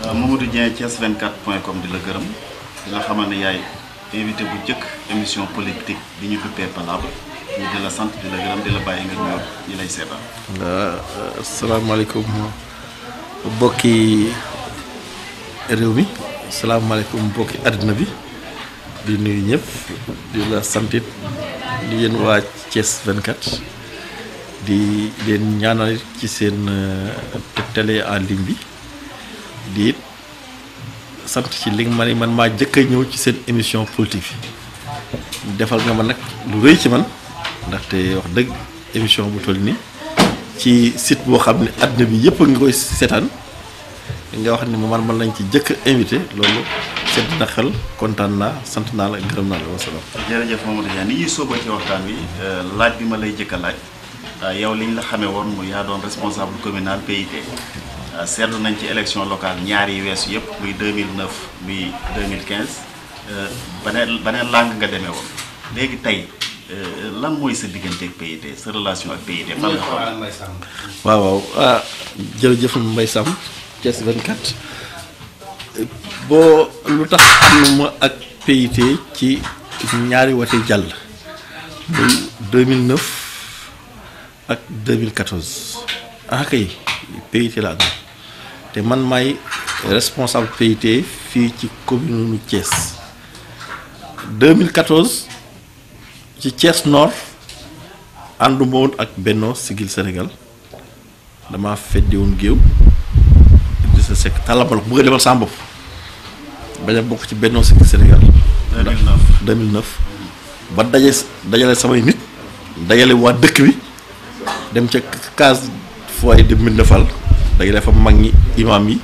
waa euh, Mamadou Dieng Thiès 24 point comme di la gërëm di la xamal ne yaay invité bu njëkk émission politique bi ñu duppee Palabre ñu di la sant di la gërëm di la bàyyi nga ñëw ñu lay seetaan. Euh, asalaamaaleykum mbokki réew mi asalaamaaleykum mbokki àddina bi di nuyu ñëpp di la santit di yéen waa Thiès 24. di leen ñaanal ci seen euh, télé à ligne bi di it sant ci li nga ma ne man maa jëkk a ñëw ci seen émission politique yi defal nga ma nag lu rëy ci man ndaxte wax dëgg émission bu toll ni ci sit boo xam ne àdduna bi yëpp nga koy seetaan nga wax ni man man lañ ci jëkk invité loolu sedd na xel kontaan naa sant naa la gërëm naa la wa salaam. jërëjëf Mamadou Dia ni wi euh, laaj bi ma lay jëkka a laaj euh, yow liñ la xamee woon mu yaa doon responsable communal PIT. Euh, seetlu nañ ci élection locale ñaari yu weesu yëpp muy 2009 muy 2015 euh, baneen baneen langue nga demee woon léegi tey euh, lan mooy sa diggante ak PIT sa relation ak PIT. fan nga xool waaw waaw ah jërëjëf Mbaye Sam Thiès 24 boo lu tax am ma ak PIT ci ñaari wate jàll muy 2009 ak 2014 ah kay PIT laa am. te man maay responsable PIT fii ci commune cees Thiès 2014 ci Thiès Nord ànduma ak Benno Siggil Sénégal dama feddi woon géew di sa sekk demal sa bopp bañ bokk ci Benno Siggil Sénégal. ba daje dajale samay nit dajale waa dëkk bi dem ca case foyer de Mbindefal. dajale fa mag ñi imaam yi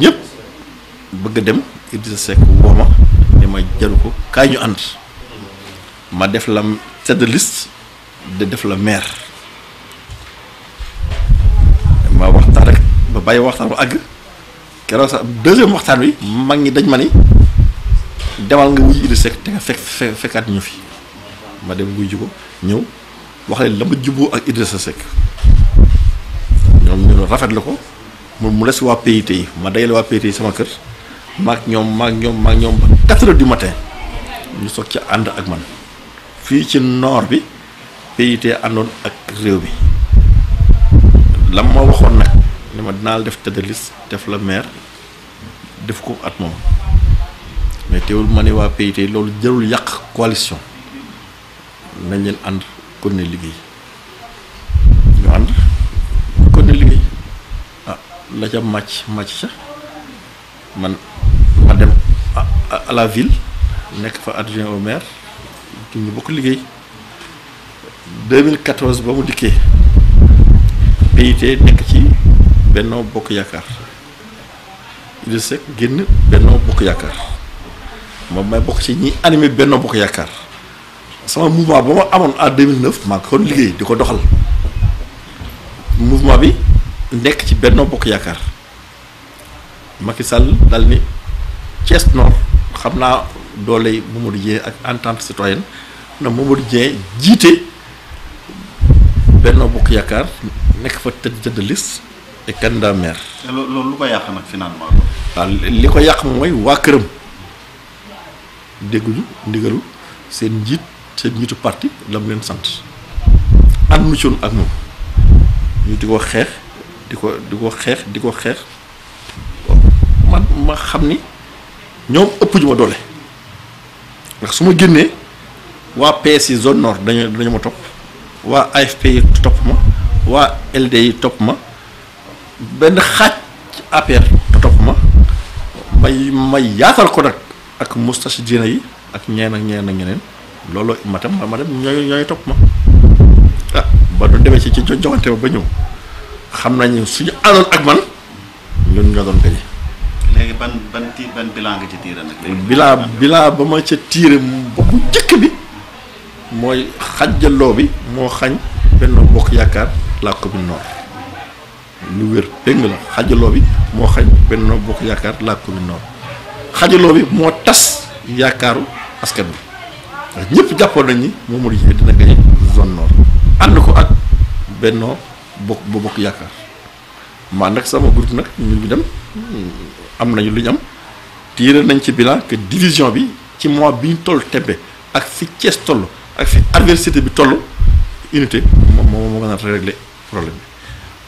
ñëpp bëgg a dem Idrissa Seck woo ma ne ma jaru ko kaay ñu ànd ma def la tête de liste def la maire ma waxtaan rek ba bàyyi waxtaan ba àgg keroog sax deuxième waxtaan wi mag ñi dañ ma ni demal nga wuyu Idrissa Seck te nga fekk fekkaat ñu fi ma dem wuyu ji ko ñëw wax leen la ma juboo ak sa Seck rafet la ko moom mu les waa PIT yi ma dajale waa PIT yi sama kër maag ñoom maag ñoom maag ñoom ba 4 heures ñu soog ci ànd ak man fii ci noor bi PIT àndoon ak réew mi lam ma waxoon nag ne ma dinaa la def tête def la maire def ko at moom mais teewul ma ni waa yi loolu jarul yàq coalition nañ leen ànd kon ne liggéey. la ca màcc màcc ca man ma dem à la ville nekk fa adjoint au maire ñu bokk liggéey 2014 ba mu dikkee PIT nekk ci Benno Bokk Yaakaar Idrissa Seck génn Benno Bokk Yaakaar moom may bokk ci ñi animé Benno Bokk Yaakaar sama mouvement ba ma amoon en 2009 maa liggéey di ko doxal mouvement bi. nekk ci Benno Bokk Yaakaar Macky Sall dal ni Thiès Nord xam naa dooley Mamadou Dieng ak entente citoyenne na Mamadou Dieng jiite Benno Bokk Yaakaar nekk fa tëdd tëdd liste et candidat maire. loolu lu ko yàq nag finalement. waaw li ko yàq mooy waa këram dégguñu ndigalu seen njiit seen njiitu parti la mu leen sant ànd nu ak moom ñu di ko xeex. di ko di ko xeex di ko xeex man ma xam ni ñoom ëpp ñu ma doole ndax su ma génnee waa PS yi zone nord dañu dañu ma topp waa AFP yi topp ma waa LD yi topp ma benn xaaj APR topp ma may may yaatal ko nag ak moustache dina yi ak ñeen ñeen ak ñeneen looloo matam ma dem ñooy ñooy topp ma ah ba du demee ci ci joxante ba ba ñëw xam nañu suñu àndoon ak man ñun nga doon gañe léegi ban ci tiire nag. bilan bilan ba ma ca tiire ba bu bi mooy xajjaloo bi moo xañ Benno Bokk Yaakaar la commune wér dégg xajaloo bi moo xañ Benno Bokk Yaakaar la commune nord xajaloo bi moo tas yaakaaru askan bi ndax ñëpp jàppoon nañ ni Mamadou Dia dina gañe zone nord ànd ko ak Benno bokk ba bokk yaakaar man nag sama groupe nag ñun ñu dem am nañu lu ñu am tiire nañ ci bilan que division bi ci mois bi ñu toll tembe ak fi Thiès toll ak fi adversité bi toll unité moom moom moo mën a régler problème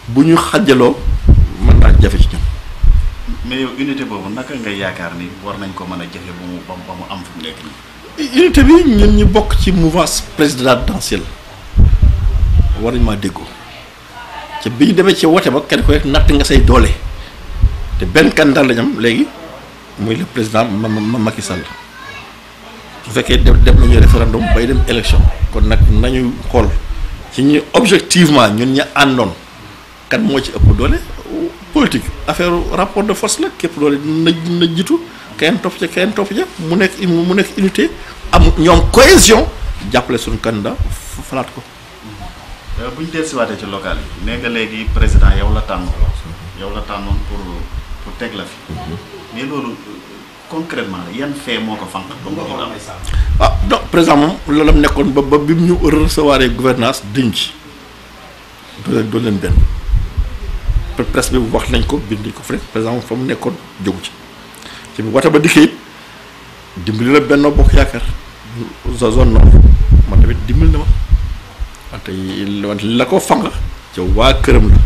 bi bu ñu xajaloo mën naa jafe ci ñoom. mais yow unité boobu naka ngay yaakaar ni war nañ ko mën a jafe ba mu mu am fu nekk nii. unité bi ñun ñu bokk ci mouvance présidentielle war nañ ma déggoo. bi ñu demee ci wote ba kenn ku nekk natt nga say doole te benn candidat lañam léegi muy le président ma ma Macky Sall su fekkee dem dem nañu référendum bay dem élection kon nag nañu xool ci ñu objectivement ñun ña àndoon kan moo ci ëpp doole politique affaire rapport de force la képp doole na na jitu kenn topp ca kenn topp ca mu nekk mu nekk unité am ñoom cohésion jàppale suñu candidat falaat ko Euh, bu ñu dellusiwaatee ci local yi nee nga léegi président yow la tànnoon yow la tànnoon pour pour teg la fi mais loolu concrètement yan fee moo ko fànq ah donc président moom loolu am nekkoon ba ba bi mu ñu recevoir gouvernance duñ ci doon doon leen benn presse bi wax nañ ko bind ko fële président moom mu nekkoon jógu ci ci bu wata ba dikkee it dimbali la Benno Bokk Yaakaar zone nord man tamit dimbali na ma te la ko fanga ca waa këram la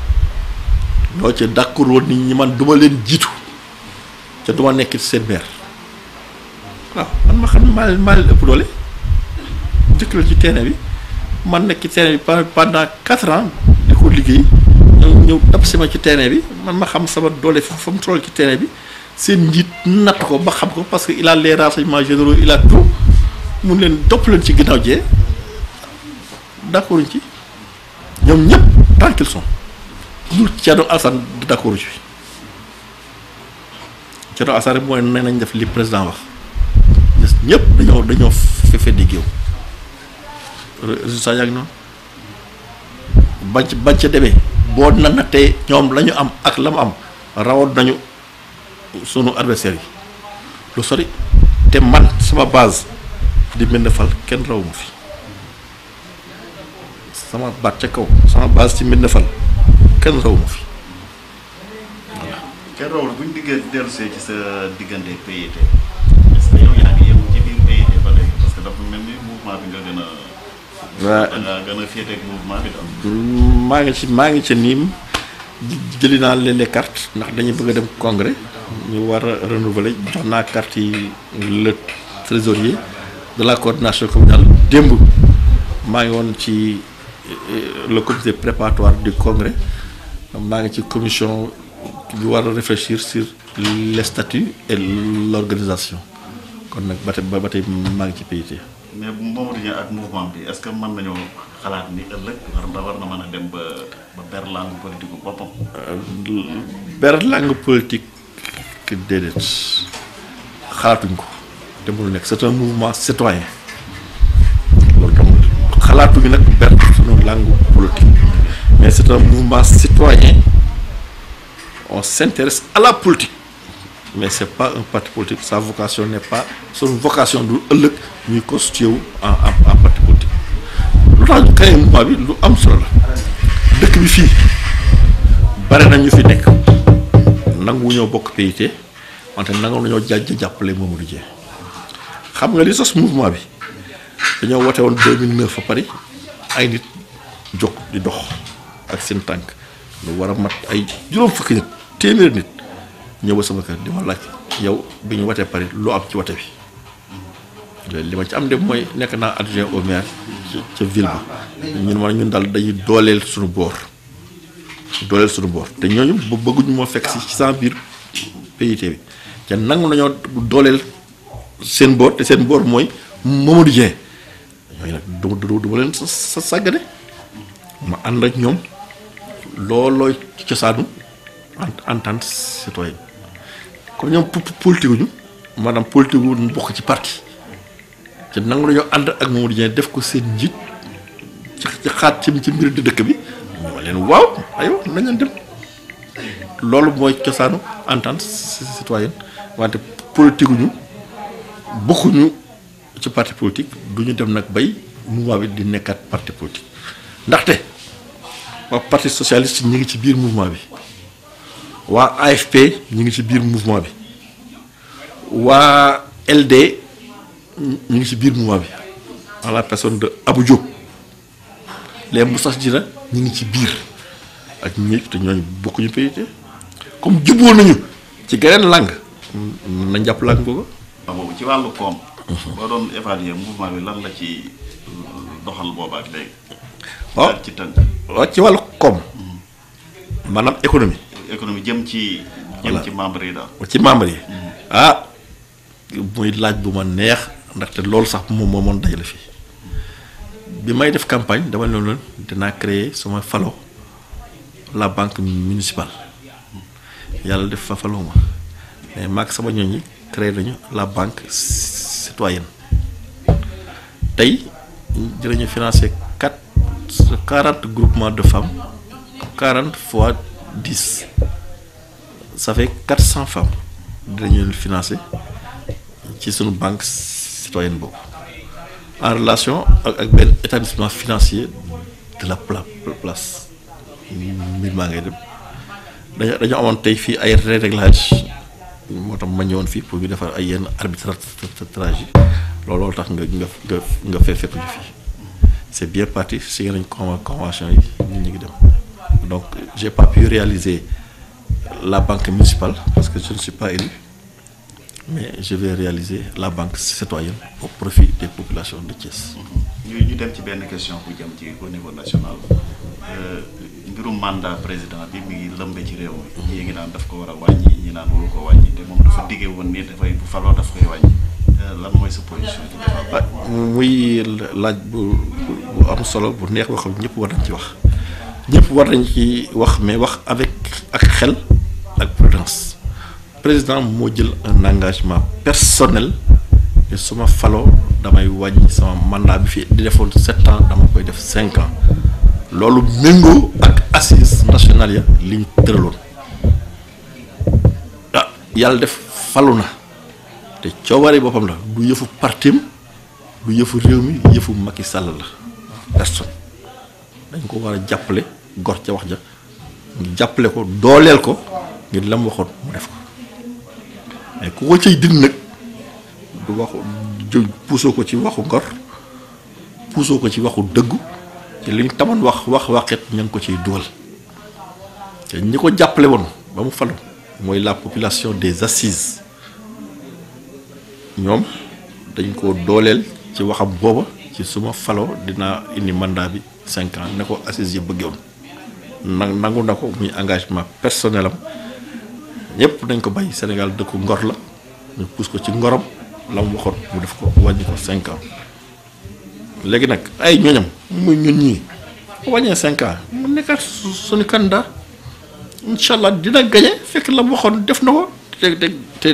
ñoo ca d'accord woon nit ñi man duma leen jiitu ca duma nekkit seen meer waaw man ma xam ne maa leen ëpp doole njëkk la ci terrain bi man nekk ci bi pendant quatre ans di ko liggéey ñëw ñëw si ma ci terrain bi man ma xam sama doole fa mu toll ci terrain bi seen njiit natt ko ba xam ko parce que il a les renseignements généraux il mun leen topp leen ci ginnaaw jee d'accord ci ñoom ñëpp tant qu'ils sont dul Thierno Alassane d'accord ci Thierno Alassane rek mooy nañ def li président wax des ñëpp dañoo dañoo fefe di géew résultat yaa ngi noonu bañ ca bañ boo na nattee ñoom lañu am ak la mu am rawat nañu sunu adversaire yi lu sori te man sama base di mel ne fal kenn rawu ma sama baat ca kaw sama base ci Médina Fall kenn raw ma fi voilà. diggante PIT est-ce que ci maa ngi ci maa ngi ci niim jëli naa leen les cartes ndax dañu bëgg a dem congrès ñu war a renouveler jox naa carte yi le trésorier de la coordination communale démb maa ngi woon ci. le comité préparatoire du congrès maa ngi ci commission bi war a réfléchir sur les statuts et l'organisation kon nag ba tey ba tey maa ngi ci PIT. mais bu Mamadou Niang ak mouvement bi est-ce que mën nañoo xalaat ni ëllëg war na mën a dem ba ba ber langue politique bu boppam. Euh, ber langue politique déedéet xalaatuñ ko te mënul nekk c'est un mouvement citoyen xalaatuñu nag. langue politique mais c'est un mouvement citoyen on s'intéresse à la politique mais c'est pas un parti politique sa vocation n'est pas son vocation du ëllëg ñuy constitué wu en en parti lu tax ñu créé mouvement bi lu am solo la dëkk bi fii bare nañu fi nekk nangu ñoo bokk PIT wante nangu nañoo jàjj jàppale Mamadou Dieng xam nga li sos mouvement bi dañoo wote woon 2009 à Paris ay nit jóg di dox ak seen tànk lu war a mat ay juróom fukki nit téeméeri nit ñëw ba sama kër di ma ci yow bi ñu watee Paris loo am ci wate bi li ma ci am de mooy nekk naa adjoint au maire ca ville bi ñun ma ñun daal dañuy dooleel suñu boor dooleel suñu boor te ñooñu bëgguñu moo fekk si ci sans biir PIT bi te nangu nañoo dooleel seen boor te seen boor mooy Mamadou Dieng ñooñu du du du ma leen sa sa ma ànd ak ñoom loolooy cosaanu entente citoyenne kon ñoom politique ñu maanaam politique wu bokk ci parti te nangu nañoo ànd ak Mamadou Dieng def ko seen njiit ci ci ci ci mbir di dëkk bi ma leen waaw aywa nañ leen dem loolu mooy cosaanu entente citoyenne wante politique ñu ci parti politique duñu dem nag bay mouvement bi di nekkaat parti politique ndaxte waa parti socialiste ñu ngi ci biir mouvement bi waa AFP ñu ngi ci biir mouvement bi waa LD ñu ngi ci biir mouvement bi en la personne de Abou Diop les Moussa Dina ñu ngi ci biir ak ñëpp te ñooñu bokkuñu PIT comme juboo nañu ci geneen làng nañ jàpp làng ah, boobu. waaw ci wàllu koom. Mhm. la ci waaw ci wàllu koom. maanaam économie. économie jëm ci. jëm membre yi daal. ci membre yi. Mm-hmm. ah muy laaj bu ma neex ndaxte loolu sax moom moo mën dajale fii bi may def campagne dama ne leen dinaa créer sama falo la banque municipale yàlla def fa falo ma mais maag sama ñooñ yi créé nañu la banque citoyenne tey dinañu financer. 40 groupement de femmes 40 fois 10 ça fait 400 femmes dinañu financé ci sunu banque citoyenne boobu en relation ak ak benn établissement financier de la place mbir maa ngay dem dañoo dañoo amoon tey fii ay réglage moo tax ma ñëwoon fii pour ñu defar ay yenn arbitrage loolu loolu tax nga nga nga fekk fekk fii. c'est bien parti signé nañ convention yi ñun ngi dem donc j'ai pas pu réaliser la banque municipale parce que je ne suis pas élu mais je vais réaliser la banque citoyenne au profit des populations de Thiès. ñu ñu dem ci benn question bu jëm ci au niveau national euh, mbirum mandat président bi mi lëmbe ci réew mi. Mhm. ñii ngi naan daf ko war a wàññi ñi naan waru ko wàññi te moom dafa diggee woon ni dafay bu faloo daf koy wàññi euh, lan mooy sa position. Ah, ah, muy laaj bu am solo bu neex wax ñëpp war nañ ci wax ñëpp war nañ ci wax mais wax avec ak xel ak prudence président moo jël un engagement personnel te su ma faloo damay wàññi sama mandat bi di defoon sept ans dama koy def cinq loolu méngoo ak assise nationale ya liñ ñu tëraloon ah yàlla def falu na te coobare boppam la du yëfu partim du yëfu réew mi yëfu Macky Sall la personne dañ ko war a jàppale gor ca wax ja ngir jàppale ko dooleel ko ngir lam waxoon mu def ko mais ku ko ciy dig nag du waxu puusoo ko ci waxu ngor puusoo ko ci waxu dëggu ci li ñu tamoon wax wax waxet ña ngi ko ciy dugal te ñi ko jàppale woon ba mu faloon mooy la population des assises ñoom dañ ko dooleel ci waxam booba ci suma faloo dinaa indi mandat bi cinq ans ne ko assise yi bëggoon nag nangu na ko muy engagement personnel am ñëpp nañ ko bàyyi Sénégal dëkku ngor la ñu pousse ko ci ngorom la mu waxoon mu def ko wàññi ko cinq ans léegi nag ay ñooñam muy ñun ñii wàññee cinq ans mu nekkaat suñu candidat incha allah dina gañe fekk la mu waxoon def na ko te te te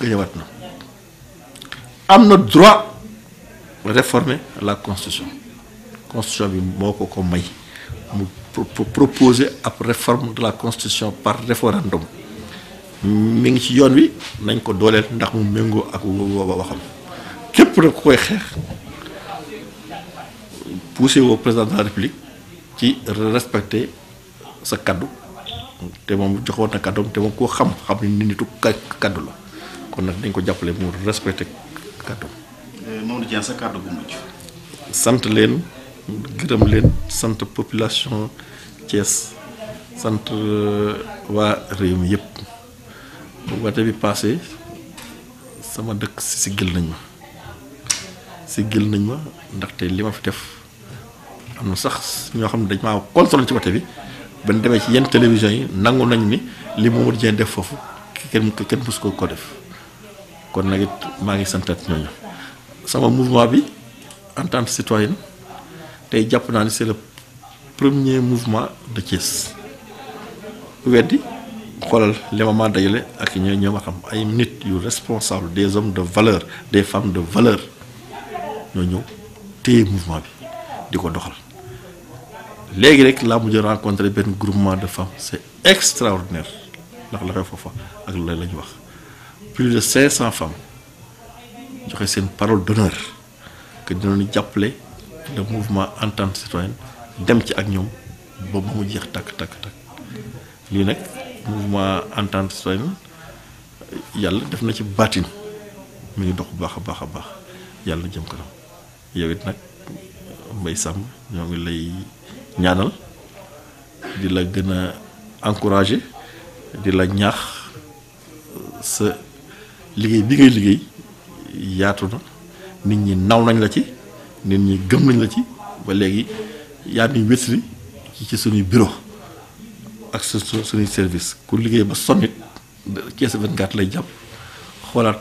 gañewaat na am na droit. réformer la constitution constitution bi moo ko ko may mu proposer ab réforme de la constitution par référendum mi ngi ci yoon wi nañ ko dooleel ndax mu méngoo ak waxam képp nag ku koy xeex poussé woo président de la république ci respecter sa kaddu te moom joxoon na kàddoom te moom koo xam xam ni nitu kaddu la kon nag dañ ko jàppale mu respecter kàddoom Euh, Mamadou Dieng sa kàddu sant leen gërëm leen sant population Thiès sant euh, waa réew mi yëpp wate bi passé sama dëkk siggil nañ ma siggil nañ ma ndaxte li ma fi def am na sax ñoo xam ne dañ maa contrôlé ci wate bi ba ñu demee ci yenn télévision yi nangu nañ ni li Mamadou Dieng def foofu kenn kenn mës ko koo def kon nag it maa ngi santaat ñooñu. sama mouvement bi en entente citoyenne tey jàpp naa ni c'est le premier mouvement de Thiès ku weddi xoolal li ma ma dajale ak ñoo ñoo ma xam ay nit yu responsable des hommes de valeurs des femmes de valeurs ñoo ñëw téye mouvement bi di ko doxal léegi rek laa mujj rencontré benn groupement de femmes c'est extraordinaire ndax la xew foofa ak la la ñu wax plus de cinq 500 femmes joxe seen parole d'honneur que dinañu jàppale le mouvement entente citoyenne dem ci ak ñoom ba ba mu jeex takk takk takk lii nag mouvement entente citoyenne yàlla def na ci baatin mu ngi dox bu baax a baax a baax yàlla na jëm kanam yow it nag Mbaye Samb ñoo ngi lay ñaanal di la gën a encourager di la ñaax sa liggéey bi ngay liggéey. yaatu na nit ñi naw nañ la ci nit ñi gëm nañ la ci ba léegi yaa ni wétri ci suñuy bureau ak su suñuy service ku liggéey ba sonnit Thiès 24 lay jàpp xoolaat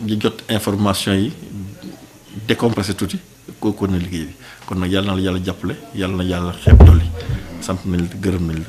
ñu jot information yi décompressé tuuti kooku na liggéey bi kon nag yàlla na yàlla jàppale yàlla na yàlla xeeb dolli sant nañ la gërëm nañ